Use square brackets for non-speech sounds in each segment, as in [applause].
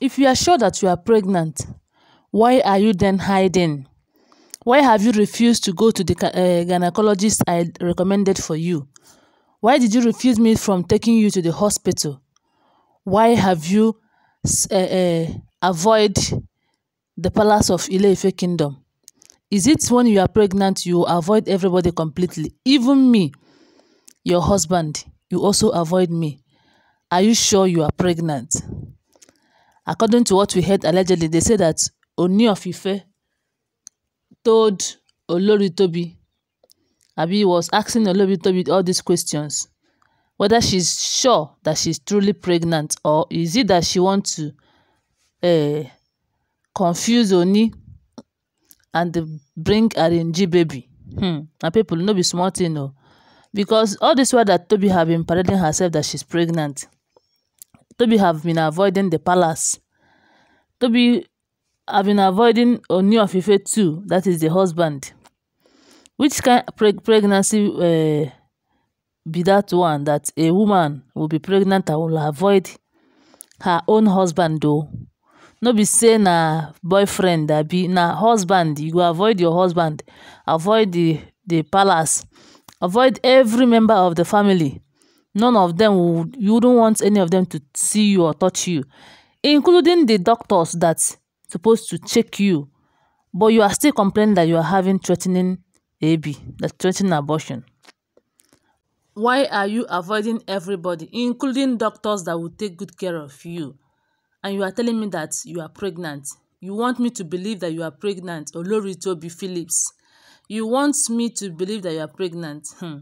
If you are sure that you are pregnant, why are you then hiding? Why have you refused to go to the uh, gynecologist I recommended for you? Why did you refuse me from taking you to the hospital? Why have you uh, uh, avoid the palace of Ileife kingdom? Is it when you are pregnant you avoid everybody completely, even me, your husband? You also avoid me. Are you sure you are pregnant? according to what we heard allegedly, they say that Oni of Ife told Olori Tobi, Abi was asking Olori Tobi all these questions, whether she's sure that she's truly pregnant or is it that she wants to uh, confuse Oni and bring RNG baby. Hmm. And people, no be smart, thing, oh. Because all this while that Toby have been parading herself that she's pregnant, Toby have been avoiding the palace Toby I've been avoiding Ooni of Ife too, that is the husband. Which kind preg pregnancy uh, be that one that a woman will be pregnant and will avoid her own husband though? No be say na boyfriend that be na husband you go avoid your husband avoid the the palace avoid every member of the family none of them would you wouldn't want any of them to see you or touch you including the doctors that supposed to check you, but you are still complaining that you are having threatening AB, that threatening abortion. Why are you avoiding everybody, including doctors that will take good care of you? And you are telling me that you are pregnant. You want me to believe that you are pregnant, Olori Toby Phillips. You want me to believe that you are pregnant. Hmm.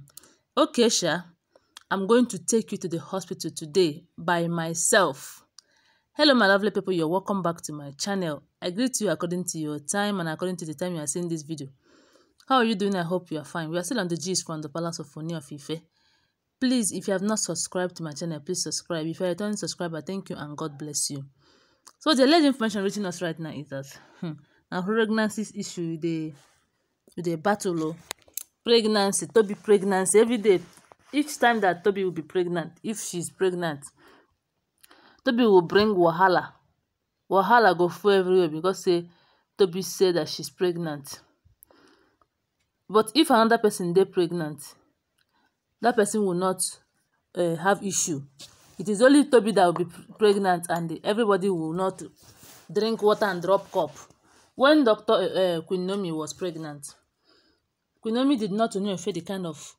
Okay, Sha, I'm going to take you to the hospital today by myself hello my lovely people you're welcome back to my channel i greet you according to your time and according to the time you are seeing this video how are you doing i hope you are fine we are still on the gist from the palace of Ooni of Ife please if you have not subscribed to my channel please subscribe if you are a returning subscriber thank you and god bless you so the alleged information reaching us right now is that hmm, pregnancy issue dey the battle o oh. pregnancy Tobi pregnancy every day each time that Tobi will be pregnant if she's pregnant tobi will bring wahala wahala go full everywhere because say tobi said that she's pregnant but if another person dey pregnant that person will not uh, have issue it is only tobi that will be pregnant and everybody will not drink water and drop cup when doctor uh, uh, was pregnant queen did not oniofe the kind of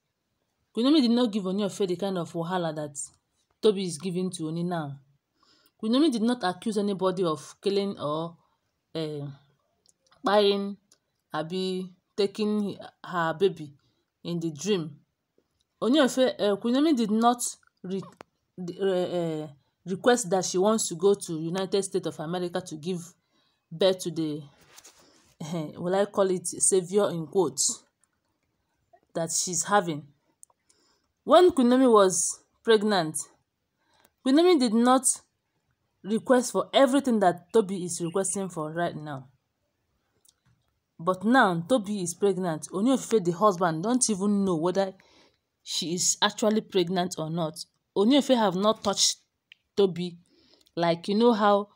queen did not give oniofe the kind of wahala that tobi is giving to oni now Kunomi did not accuse anybody of killing or buying, eh, prying abi taking her baby in the dream. Onyemaefe um eh, Kunomi did not re um request that she wants to go to United States of America to give birth to the um will I call it savior in quotes that she's having. When Kunomi was pregnant, Kunomi did not request for everything that Toby is requesting for right now. But now Toby is pregnant. Ooni of Ife, the husband, don't even know whether she is actually pregnant or not. Ooni of Ife have not touched Toby. Like you know how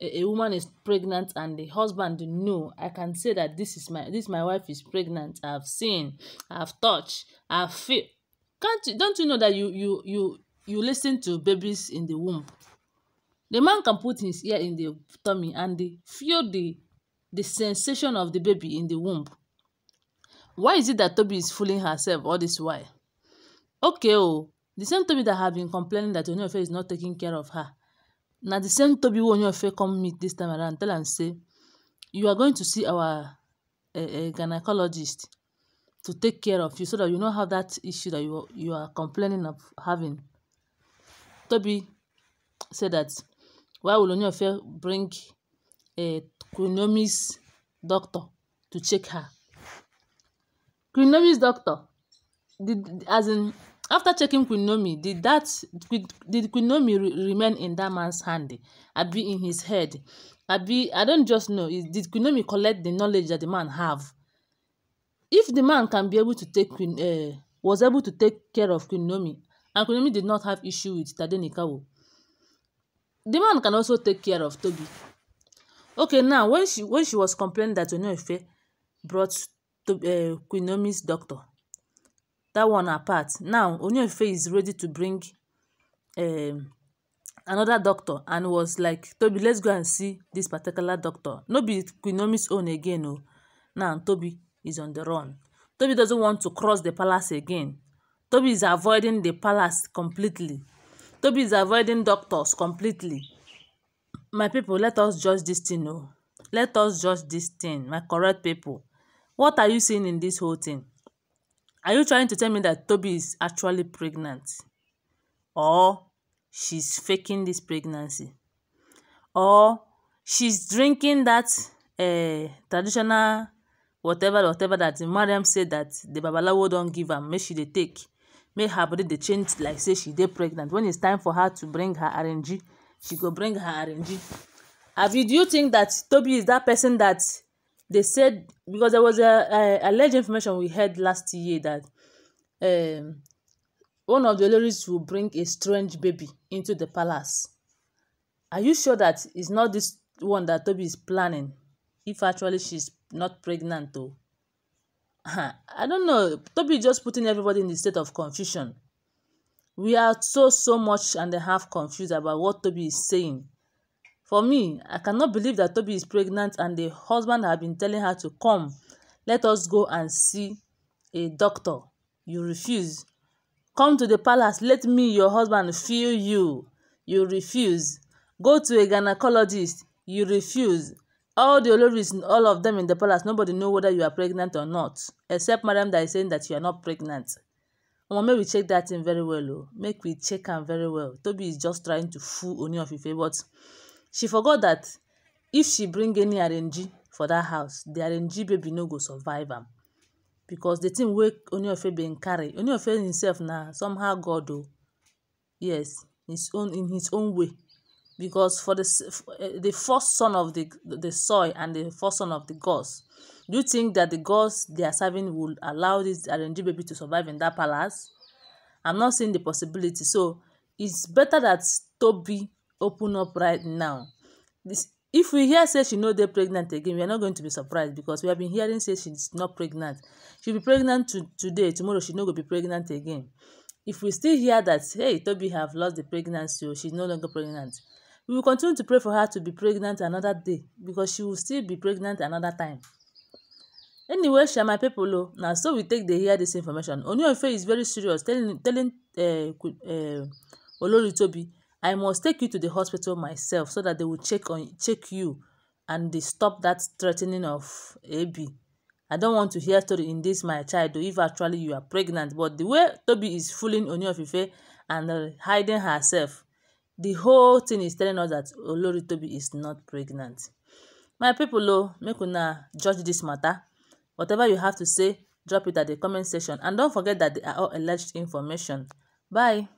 a, a woman is pregnant and the husband know. I can say that this is my this my wife is pregnant. I've seen, I've touched, I've feel. Can't you don't you know that you you you you listen to babies in the womb? The man can put his ear in the tummy and they feel the, the sensation of the baby in the womb. Why is it that Toby is fooling herself all this while? Okay, oh, the same Toby that have been complaining that Onyofe is not taking care of her. Now the same Toby wey Onyofe come meet this time around tell am say, you are going to see our uh, uh, gynecologist to take care of you so that you no have that issue that you, you are complaining of having. Toby said that Why will Onion Fair bring a Criminomics doctor to check her? Criminomics doctor did as in after checking Queen did that did Queen re- remain in that man's hand? Abi in his head? Abi I don't just know. Did Queen collect the knowledge that the man have? If the man can be able to take uh, was able to take care of Queen and Queen did not have issue with Tadenikawo, The man can also take care of Toby. Okay, now when she when she was complaining that Onyofe brought to uh, Queen Naomi's doctor, that one apart. Now Onyofe is ready to bring um, another doctor and was like, Toby, let's go and see this particular doctor. No be Queen Naomi's own again, oh. Now Toby is on the run. Toby doesn't want to cross the palace again. Toby is avoiding the palace completely. Toby is avoiding doctors completely. My people, let us judge this thing o. Oh. Let us judge this thing, my correct people. What are you seeing in this whole thing? Are you trying to tell me that Toby is actually pregnant? Or she's faking this pregnancy? Or she's drinking that uh, traditional whatever whatever that the madam said that the babalawo don't give her, make she dey take make her body dey change like say she dey pregnant When its time for her to bring her rng she go bring her rng abi do you think that toby is that person that they said because there was a, a alleged information we heard last year that um, one of the ladies will bring a strange baby into the palace are you sure that it's not this one that toby is planning if actually she's not pregnant though [laughs] I don't know. Toby just putting everybody in the state of confusion. We are so, so much and a half confused about what Toby is saying. For me, I cannot believe that Toby is pregnant and the husband had been telling her to come. Let us go and see a doctor. You refuse. Come to the palace. Let me, your husband, feel you. You refuse. Go to a gynecologist. You refuse all the Oloris, all of them in the palace, nobody know whether you are pregnant or not, except madam that is saying that you are not pregnant. Omo, make we check that thing very well, oh. Make we check am very well. Toby is just trying to fool Oni of Ife, but she forgot that if she bring any RNG for that house, the RNG baby no go survive am. Because the thing wey Oni of Ife bin carry, Ooni of Ife himself na somehow God, oh. Yes, his own in his own way. because for the eh, the first son of the the soil and the first son of the gods do you think that the gods they are serving will allow this arranged baby to survive in that palace i'm not seeing the possibility so it's better that toby open up right now this if we hear say she they're pregnant again we are not going to be surprised because we have been hearing say she's not pregnant she will be pregnant to, today tomorrow she know will be pregnant again if we still hear that hey toby have lost the pregnancy or oh, she's no longer pregnant We will continue to pray for her to be pregnant another day because she will still be pregnant another time. Anyway, share my people o. Oh. now. so we take the hear this information. Oniofe is very serious telling telling uh, uh, Toby, I must take you to the hospital myself so that they will check on check you and they stop that threatening of AB. I don't want to hear story in this my child o oh, if actually you are pregnant but the way Toby is fooling Oniofife and uh, hiding herself the whole thing is telling us that oloritobi is not pregnant my people o make una judge this matter whatever you have to say drop it at the comment section and don't forget that they are all alleged information bye